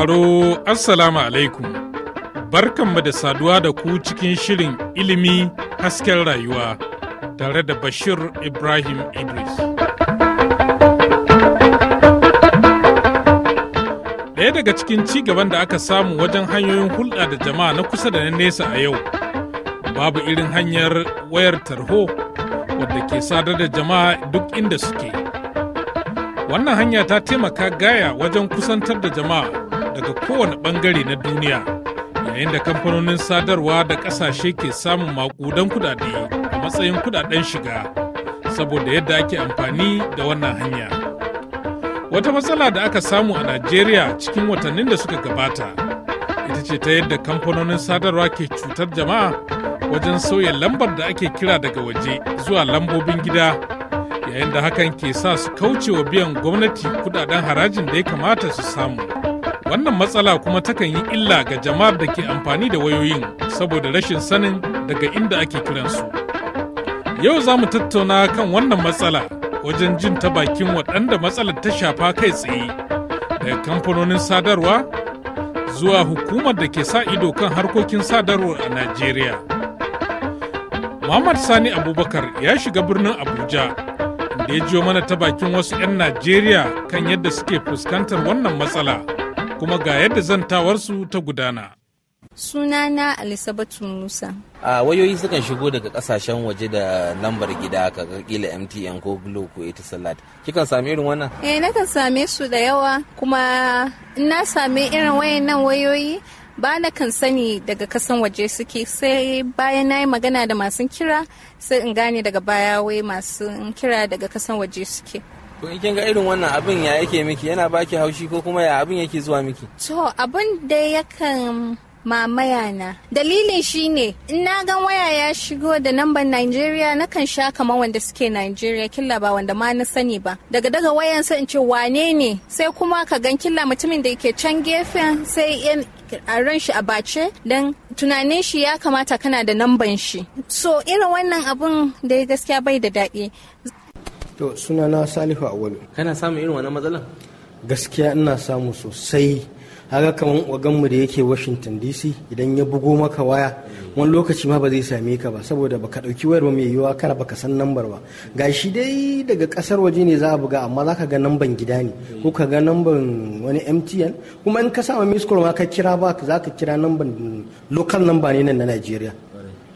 sauraro Assalamu alaikum. Barkanmu da saduwa da ku cikin shirin ilimi hasken rayuwa tare da Bashir Ibrahim Idris. Ɗaya daga cikin ci gaban da aka samu wajen hanyoyin hulɗa da jama'a na kusa da na nesa a yau, babu irin hanyar wayar tarho wadda ke sadar da jama'a duk inda suke. Wannan hanya ta taimaka gaya wajen kusantar da jama'a daga kowane ɓangare na duniya yayin da kamfanonin sadarwa da ƙasashe ke samun maƙudan kudade a matsayin kudaden shiga saboda yadda ake amfani da wannan hanya wata matsala da aka samu a najeriya cikin watannin da suka gabata ita ce ta yadda kamfanonin sadarwa ke cutar jama'a wajen sauya lambar da ake kira daga waje zuwa lambobin gida yayin da hakan ke sa su kauce wa biyan gwamnati kudaden harajin da ya kamata su samu. Wannan matsala kuma takan yi illa ga jama'ar da ke amfani da wayoyin saboda rashin sanin daga inda ake kiransu. Yau za mu tattauna kan wannan matsala wajen jin ta bakin waɗanda matsalar ta shafa kai tsaye daga kamfanonin sadarwa zuwa hukumar da ke sa ido kan harkokin sadarwa a Najeriya. Muhammad Sani Abubakar ya shiga birnin Abuja da ya jiyo mana ta bakin wasu 'yan Najeriya kan yadda suke fuskantar wannan matsala. kuma ga yadda zantawarsu ta gudana. Sunana Alisabatu Musa. A wayoyi sukan shigo daga kasashen waje da lambar gida ka kila MTN ko Glo ko Etisalat. Kikan same irin wannan? Eh kan same su da yawa kuma na same irin wayannan wayoyi ba na kan sani daga kasan waje suke sai bayan na yi magana da masu kira sai in gane daga baya wai masu kira daga kasan waje suke. To kin ga irin wannan abin ya yake miki yana baki haushi ko kuma ya abin yake zuwa miki? To abin da yakan mamaya na dalilin shine in na gan waya ya shigo da namban Najeriya na kan sha kamar wanda suke Najeriya killa ba wanda ma na sani ba daga daga wayan sai in ce wane ne sai kuma ka gan killa mutumin da yake can gefen sai a ran shi a bace don tunanin shi ya kamata kana da namban shi so irin wannan abun da gaskiya bai da daɗi to suna na salihu wani. kana samun irin wannan matsalan gaskiya ina samu sosai haka kamar waganmu da yake washington dc idan ya bugo maka waya wani lokaci ma ba zai same ka ba saboda baka ɗauki wayar ba mai yiwuwa kana ka san nambar ba ga shi dai daga kasar waje ne za a buga amma za ka ga namban gida ne ko ka ga namban wani mtn kuma in ka sama miss ma ka kira ba za ka kira namban local number ne nan na nigeria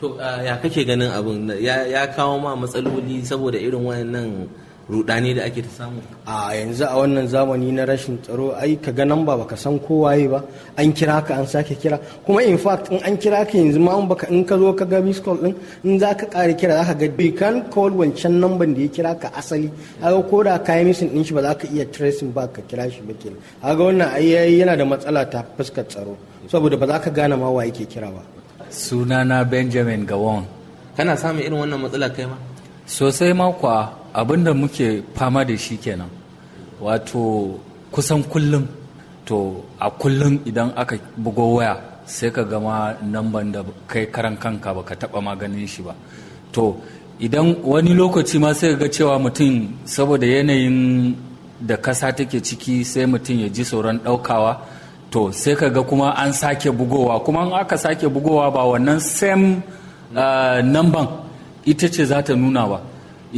to ya kake ganin abin ya kawo ma matsaloli saboda irin wannan rudani da ake ta samu a yanzu a wannan zamani na rashin tsaro ai ka ga ba baka san kowaye ba an kira ka an sake kira kuma in fact in an kira ka yanzu ma in baka in ka zo ka ga miss call din in za ka kare kira za ka ga you can call wancan number da ya kira ka asali kaga ko da yi missing din shi ba za ka iya tracing ba ka kira shi ba kenan kaga wannan ai yana da matsala ta fuskar tsaro saboda ba za ka gane ma wa yake kira ba sunana benjamin gawon kana samun irin wannan matsala kai ma sosai makwa abinda muke fama da shi kenan wato kusan kullum to a kullum idan aka bugo waya sai ka gama namban da kai karan kanka ba ka taba maganin shi ba to idan wani lokaci ma sai ga cewa mutum saboda yanayin da kasa take ciki sai mutum ya ji sauran ɗaukawa to sai ka ga kuma an sake bugowa kuma an aka sake bugowa ba wannan same uh, number ita ce za ta nuna ba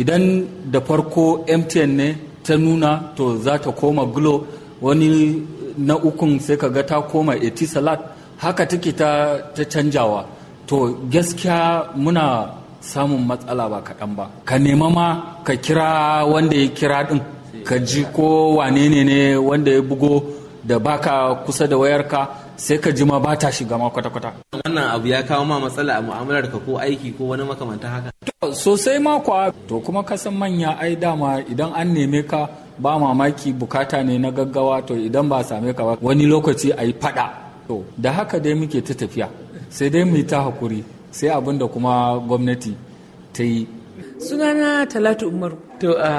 idan da farko mtn ne ta nuna to za ta koma glo wani na ukun sai ka ga ta koma etisalat haka take ta, ta canjawa to gaskiya muna samun matsala ba kaɗan ba ka nema ma ka kira wanda ya kira ɗin ka ji ko wane ne wanda ya bugo da baka kusa da wayarka sai ka jima ba ta shiga ma kwata-kwata. Wannan abu ya kawo ma matsala a mu'amalar ka ko aiki ko wani makamanta haka. Sosai ma kuwa to kuma kasan manya ai dama idan an neme ka ba mamaki bukata ne na gaggawa to idan ba same ka ba wani lokaci a yi fada. To da haka dai muke ta tafiya sai dai mu ta hakuri sai abin da kuma gwamnati ta yi sunana talatu umaru to a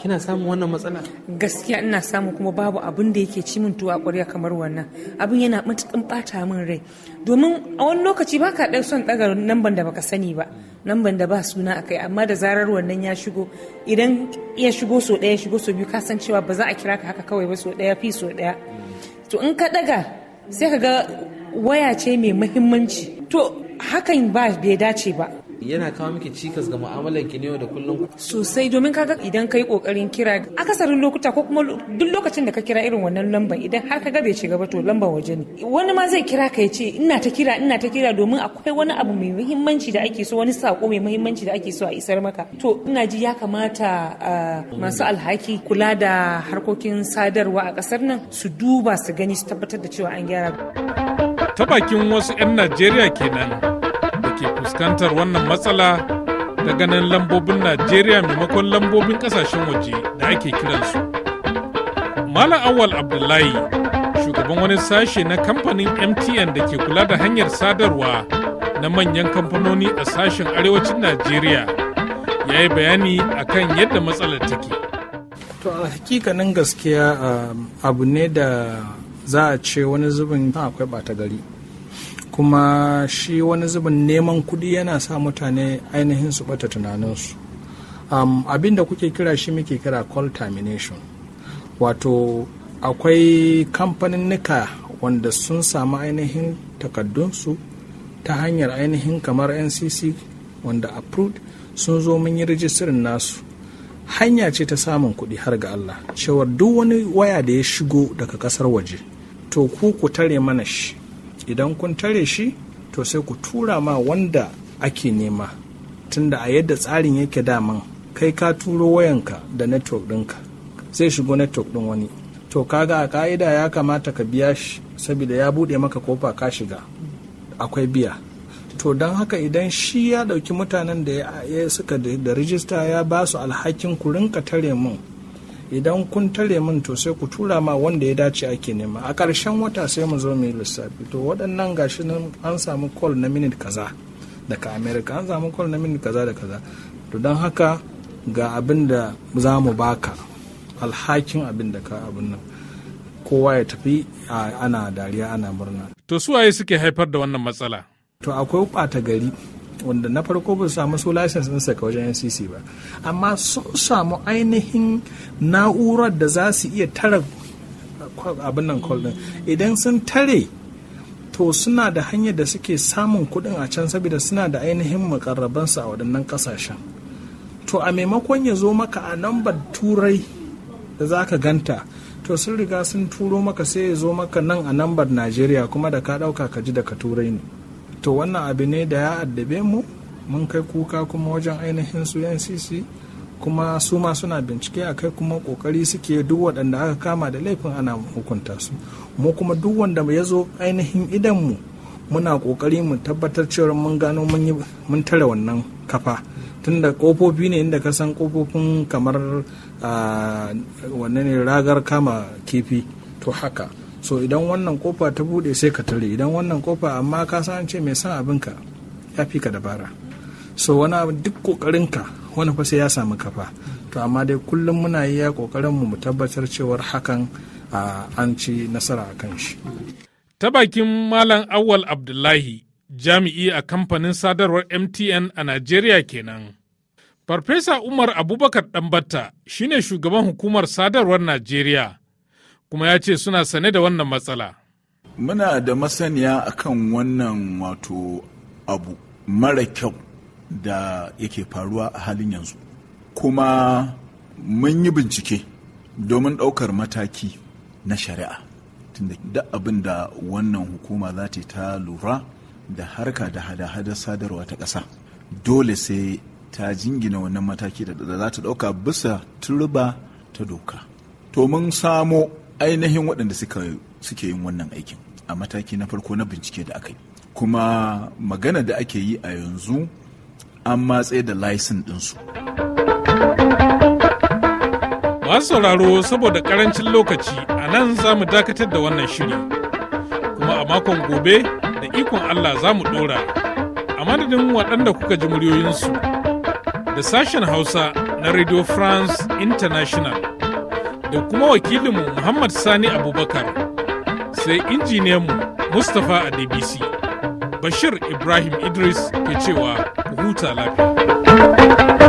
kina samun wannan matsala gaskiya ina samu kuma babu abin da yake ci min tuwa kwarya kamar wannan abin yana matukan bata min rai domin a wani lokaci ba ka ɗan son ɗaga namban da baka sani ba namban da ba suna akai amma da zarar wannan ya shigo idan ya shigo so ɗaya shigo so biyu ka san cewa ba za a kira ka haka kawai ba so ɗaya fi so ɗaya to in ka ɗaga sai ka ga waya ce mai muhimmanci to hakan ba bai dace ba yana kawo miki cikas ga mu'amalar ki ne da kullum sosai domin kaga idan kai kokarin kira akasarin lokuta ko kuma duk lokacin da ka kira irin wannan lamba idan har kaga bai shiga ba to lamba waje ne wani ma zai kira ka ya ce ina ta kira ina ta kira domin akwai wani abu mai muhimmanci da ake so wani sako mai muhimmanci da ake so a isar maka to ina ji ya kamata ah, masu alhaki kula da harkokin sadarwa a kasar nan su duba su gani su tabbatar da cewa an gyara ta bakin wasu 'yan najeriya kenan fuskantar wannan matsala ta ganin lambobin najeriya maimakon lambobin kasashen waje da ake kiransu malam awal abdullahi shugaban wani sashe na kamfanin mtn da ke kula da hanyar sadarwa na manyan kamfanoni a sashen arewacin najeriya ya yi bayani a kan yadda matsalar take to a hakikanin gaskiya um, abu ne da za a ce wani zubin akwai bata gari kuma shi wani zubin neman kuɗi yana sa mutane ainihin su bata tunaninsu um, abin da kuke kira shi muke kira call termination wato akwai kamfanin nika wanda sun samu ainihin takaddunsu ta hanyar ainihin kamar ncc wanda approved sun zo mun yi rijistirin nasu hanya ce ta samun kuɗi har ga allah cewar duk wani waya da ya shigo daga ƙasar waje to ku ku tare mana shi idan kun tare shi to sai ku tura ma wanda ake nema tunda a yadda tsarin yake daman kai ka turo wayanka da network ɗinka zai shigo network ɗin wani to kaga a ka'ida ya kamata ka biya shi saboda ya buɗe maka kofa ka shiga akwai biya to don haka idan shi ya ɗauki mutanen da ya suka da rijista ya ba su alhakin ku rinka tare mun idan kun tare min to sai ku tura ma wanda ya dace ake nema a ƙarshen wata sai mu zo mu yi lissafi to waɗannan gashi nan an samu call na minute kaza daga america an samu call na minute kaza da kaza to don haka ga abin da za mu baka alhakin abin da ka abin nan kowa ya tafi ana dariya ana murna to suwaye suke haifar da wannan matsala to akwai ɓata gari wanda na farko ba su samu su license din saka wajen ncc ba amma sun samu ainihin na'urar da za su iya tara eh, abin nan call din idan sun tare to suna da hanyar da suke samun kuɗin a can saboda suna da ainihin makarrabansu a waɗannan ƙasashen to a maimakon ya zo maka a nambar turai da za ka ganta to sun riga sun turo maka sai ya zo maka nan a nambar najeriya kuma da ka ɗauka ka ji daga turai ne to wannan abu ne da ya addabe mu mun kai kuka kuma wajen ainihin su ncc kuma su ma suna bincike a kai kuma kokari suke duk waɗanda aka kama da laifin ana hukunta su mu kuma duk wanda ya zo ainihin mu muna kokari mu tabbatar cewar mun gano mun tare wannan kafa tunda kofofi ne inda ka san kofofin kamar ah, wannan ragar kama kifi to haka so idan wannan kofa ta bude sai ka tare idan wannan kofa amma ka san ce mai san abinka ya fi ka dabara so wani abin duk kokarinka wani fa sai ya samu kafa to amma dai kullum muna yi ya kokarin mu tabbatar cewar hakan an ci nasara a kan shi ta bakin malam awwal abdullahi jami'i a kamfanin sadarwar mtn a nigeria kenan farfesa umar abubakar ɗanbatta shine shugaban hukumar sadarwar nigeria. kuma ya ce suna sane da wannan matsala. Muna da masaniya akan wannan wato abu mara kyau da yake faruwa a halin yanzu. Kuma mun yi bincike domin ɗaukar mataki na shari'a. Tunda duk abin da wannan hukuma za ta ta lura da harka da hada hada sadarwa ta ƙasa dole sai ta jingina wannan mataki da za ta ɗauka bisa turba ta doka. To mun samo ainihin waɗanda suke yin wannan aikin a mataki na farko na bincike da aka yi kuma magana da ake yi a yanzu an matse da laisin ɗinsu. masu sauraro saboda ƙarancin lokaci a nan za mu dakatar da wannan shiri kuma a makon gobe da ikon allah za mu ɗora a madadin waɗanda kuka ji muryoyinsu da sashen hausa na radio france international da kuma wakilinmu Muhammad Sani Abubakar sai injiniyanmu Mustapha Adebisi. Bashir Ibrahim Idris ke cewa huta lafiya.